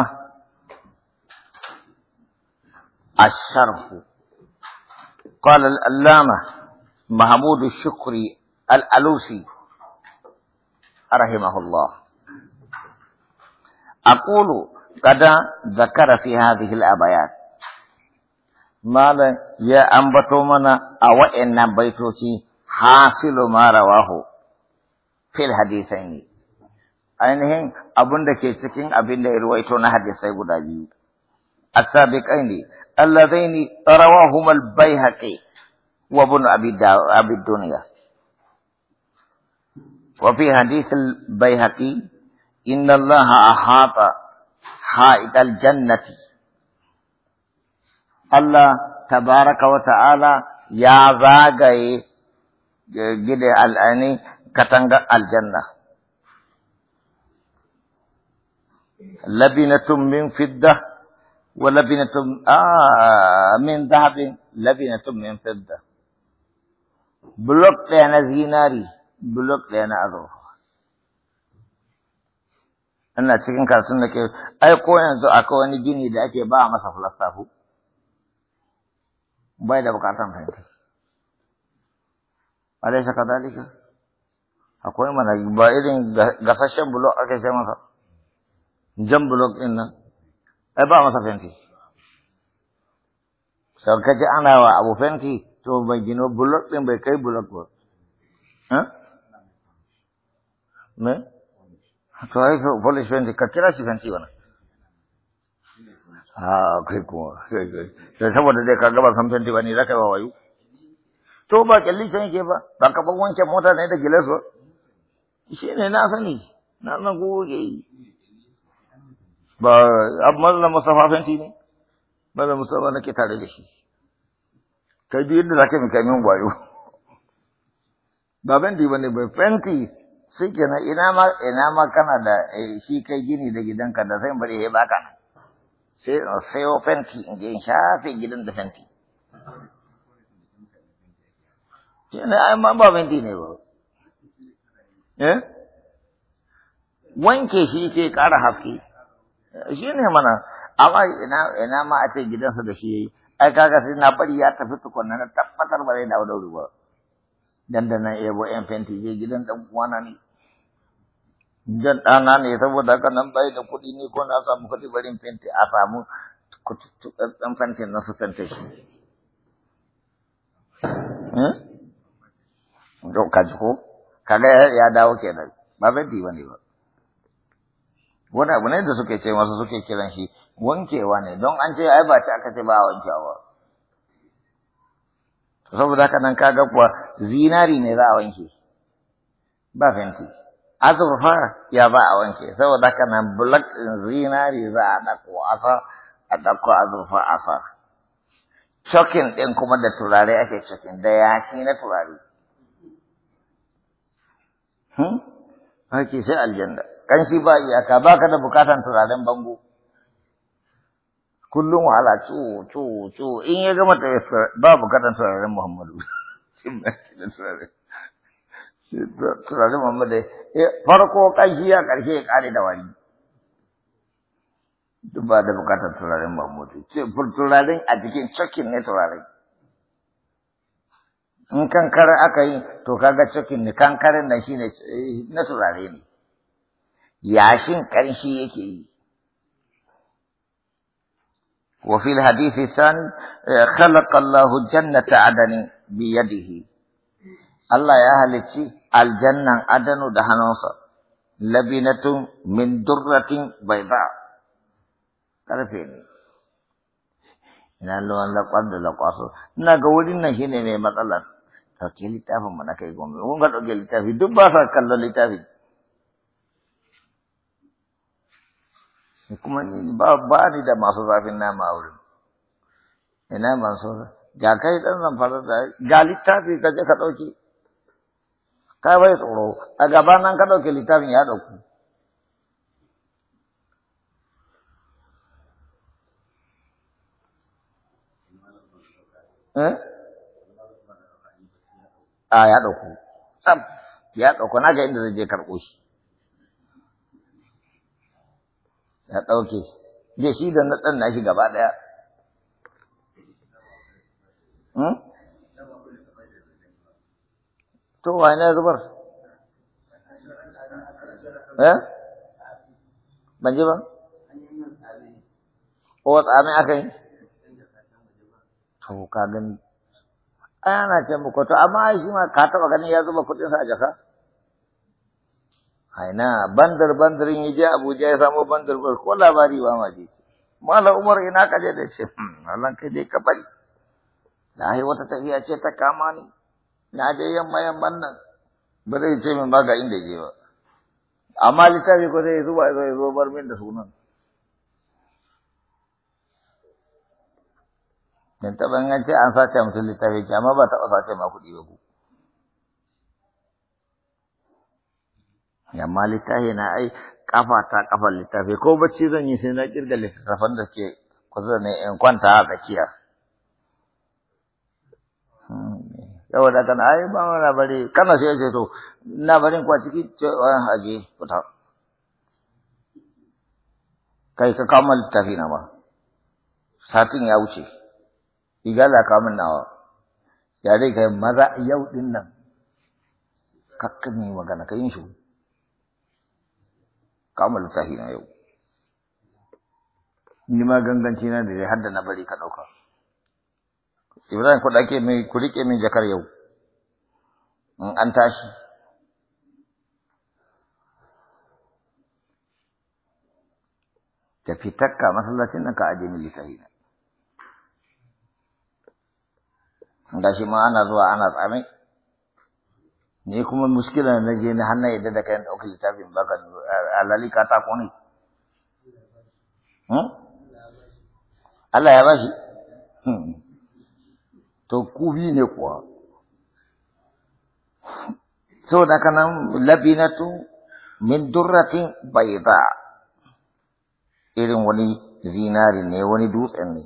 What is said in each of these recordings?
الشرف قال الألامة محمود الشكري الألوسي رحمه الله أقول قد ذكر في هذه الأبيات مالا يا أنبتو منا أو إن بيتوتي حاصل ما رواه في الحديثين ainihin abin da ke cikin abin da irwaito na hadisai guda biyu as-sabiqaini allazaini rawahuma al wa ibn abi dawud abi dunya wa fi hadith al inna allaha ahata ha'id jannati Allah tabaraka wa ta'ala ya zagaye gide al'ani katanga aljanna لبنة من فضة ولبنة آه من ذهب لبنة من فضة بلوك لأنا زيناري بلوك لأنا أذوه ina cikin kasuwan da ke ai ko yanzu akwai wani gini da ake ba masa fulastafu bai da bukatan fahimta alaisa kadalika akwai mana ba irin gasashen bulo ake ce masa jan blok ina. nan e ba masa fenti sau kaji ana wa abu fenti to bai gino blok ɗin bai kai blok ba me to ai polish fenti ka kira si fenti wana a kai kuma Sai saboda dai ka gaba san fenti wani ne za ka yi wa wayo to ba kalli can ke ba ba kaban wancan mota ne da gilas ba shi ne na sani na na ko yi ba amma Mustapha fenti ne Malam Mustapha nake tare da shi Ka kai biyar da zaka mika min gwayo ba fenti bane ba fenti sai kenan ina ma ina ma kana da eh, shi kai gini da gidanka da sai bari ya baka sai sai fenti in je in shafe gidan da fenti kenan ai ma ba fenti ne ba eh wanke shi ke ƙara hafi. shi ne mana amma ina ina ma a ce gidansa da shi yayi ai kaga sai na bari ya tafi tukunna na tabbatar ba zai dawo da ruwa dan da nan yabo en fenti je gidan dan uwana ne dan ɗana ne saboda haka nan bai da kuɗi ne ko na samu kuɗi en fenti a samu dan fenti na su fente shi hmm? to kaji ko kaga ya dawo kenan ba fenti bane ba wani abu ne da suke ce masa suke kiran shi wankewa ne don an ce ai ba ta aka ce ba a wankewa saboda haka nan kaga kuwa zinari ne za a wanke ba fenti azurfa ya za a wanke saboda haka nan bulak zinari za a dako asa a dako azurfa asa cokin ɗin kuma da turare ake cokin da yashi na turare hmm? ake sai aljanda. kanshi ba iyaka ba ka da bukatan turaren bango kullum wahala cu cu cu in ya gama ta ba bukatan turaren muhammadu turaren muhammadu eh, farko kanshi ya karshe ya kare da wani duk ba da bukatan turaren muhammadu turaren a jikin cokin ne turaren in kankare aka yi to kaga cikin ne kankaren nan ne eh, na turare ne yashin ƙarshi yake yi وفي الحديث الثاني خلق الله جنة عدن بيده الله يا أهل الجنة عدن دهنوسا لبنة من درة بيضاء كرفين ina lawan laƙwar da laƙwaso ina ga wurin nan ne mai matsalar ɗauke littafin mana kai gome kun ga ɗauke littafi duk ba kallon littafi kuma ni ba ba ni da masu zafin nama a wurin ina so ga kai dan zan fara da ga littafi ka je ka dauki ka bai tsoro a gaba nan ka dauki littafin ya dauku eh a ya dauku tsam ya dauku na ga inda zai je karbo shi ya ɗauke da shi da na ɗan nashi gaba ɗaya. Hmm? To wa ne zubar? Eh? Ban ji ba? O tsami aka yi? To ka gani. Ana ce muku to amma shi ma ka taɓa ganin ya zuba kuɗinsa a jaka? aina bandar bandarin ya je Abuja ya samo bandar bar ko labari ba ma je Malam Umar ina ka je da ce Allah ka je ka bari da ai wata tafiya ce ta kama ni na je yamma mayan nan ba zai ce min ba ga inda je ba amma littafi ko zai zuba ya zo bar min da sunan dan taban an ce an sace mutum littafi amma ba taɓa sace ma kuɗi ba ku amma littafi na ai kafa ta kafa littafi ko bacci zan yi sai na kirga littafan da ke kusa ne in kwanta a tsakiya yau hmm, da kana ai ba mana bari kana sai ce to na barin kwa ciki ce aje fita kai ka kama littafi na ba satin ya wuce igala min nawa ya dai kai maza yau din nan kakkani magana ka yin shi kama littafi na yau ni ma ganganci na da har da na bari ka ɗauka ibrahim ku dake mai ku riƙe min jakar yau in an tashi ta fitakka masallacin nan ka aje min littafi na shi ma ana zuwa ana tsamai ne kuma muskila na je na hannaye da da kayan ɗaukar littafin baka alali katako ne hmm? Allah ya ba shi hmm. to ku bi ne kuwa So da nan labinatu min durratin bayda irin wani zinari ne wani dutsen ne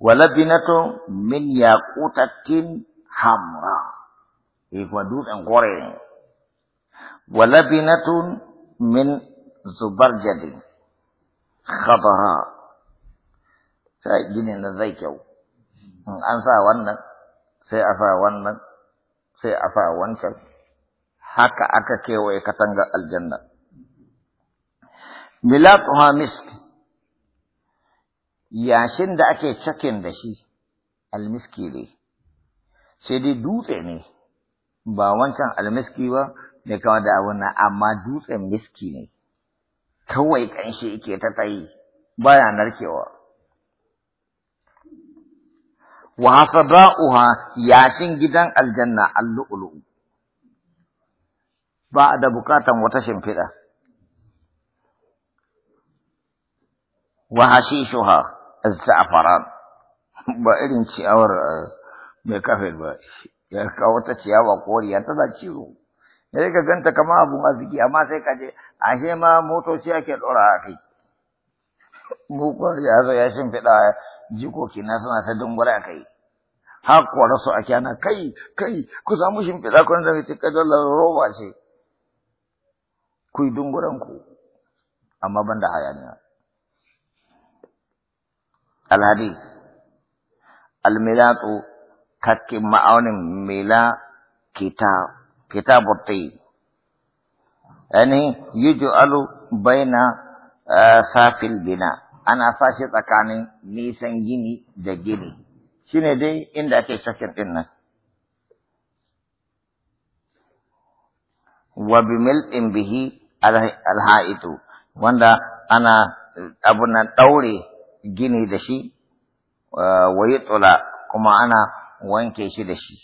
wa labinatu min yaqutatin hamra kuma dutsen kore ne walabinatun min zubar jadi Kabara. sai ginin da zai kyau in an sa wannan sai a sa wannan sai a sa wancan haka aka kewaye katangar aljanna milatuha misk yashin da ake cakin da shi almiski ne sai dai dutse ne ba wancan almiski ba ne kawai da abin nan amma dutsen miski ne kawai kanshi yake ta tsayi baya narkewa wa hasada'uha yashin gidan aljanna allu'ulu ba da bukatan wata shimfiɗa wa hashishuha az-za'faran ba irin ciyawar eh, mai kafir ba ya kawo wata ciyawa koriya ta ciwo ne ka ganta kama abun arziki amma sai ka je ashe ma motoci ake ɗora a kai mu ya zo ya fiɗa jikoki na suna ta dungura a kai har kwara su ake ana kai kai ku samu fiɗa, kun zama ce ka dala roba ce ku yi ku amma ban da hayaniya al almilatu takkin ma'aunin mila kita kitabuti yani yuj'alu baina eh, safil bina ana sashi tsakanin nisan gini da gini shine dai inda ake sakin din nan wa bimil'in bihi alha'itu wanda ana abunan na daure gini da shi eh, wa yutula kuma ana wanke shi da shi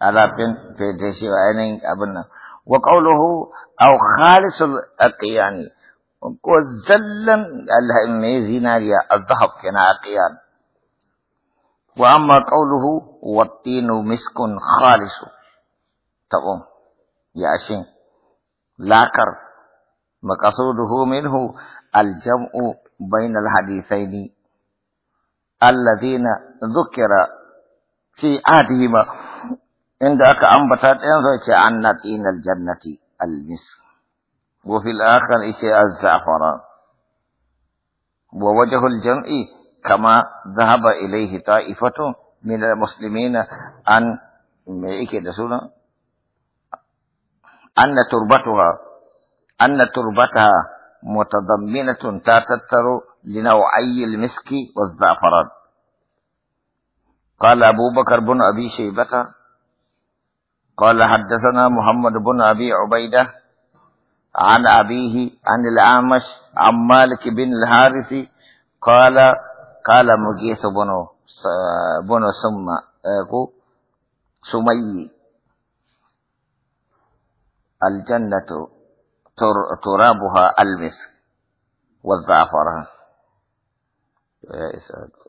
ala alafin da shi ainin abin nan wa qawluhu aw khalisul aqyani ko zallan allah mai zinariya azhab kana aqyan wa amma qawluhu watinu miskun khalis tabo ya shin lakar maqasuduhu minhu aljam'u بين الحديثين alladhina dhukira في آديما عندك أكا أنبتات أنزل عن نتين الجنة المسك وفي الآخر إشياء الزعفران ووجه الجمع كما ذهب إليه طائفة من المسلمين أن أن تربتها أن تربتها متضمنة تتتر لنوعي المسك والزعفران قال أبو بكر بن أبي شيبة قال حدثنا محمد بن أبي عبيدة عن أبيه عن الأعمش عن مالك بن الحارث قال قال مجيث بن بن سمي سمي الجنة ترابها المسك والزعفران يا إسحاق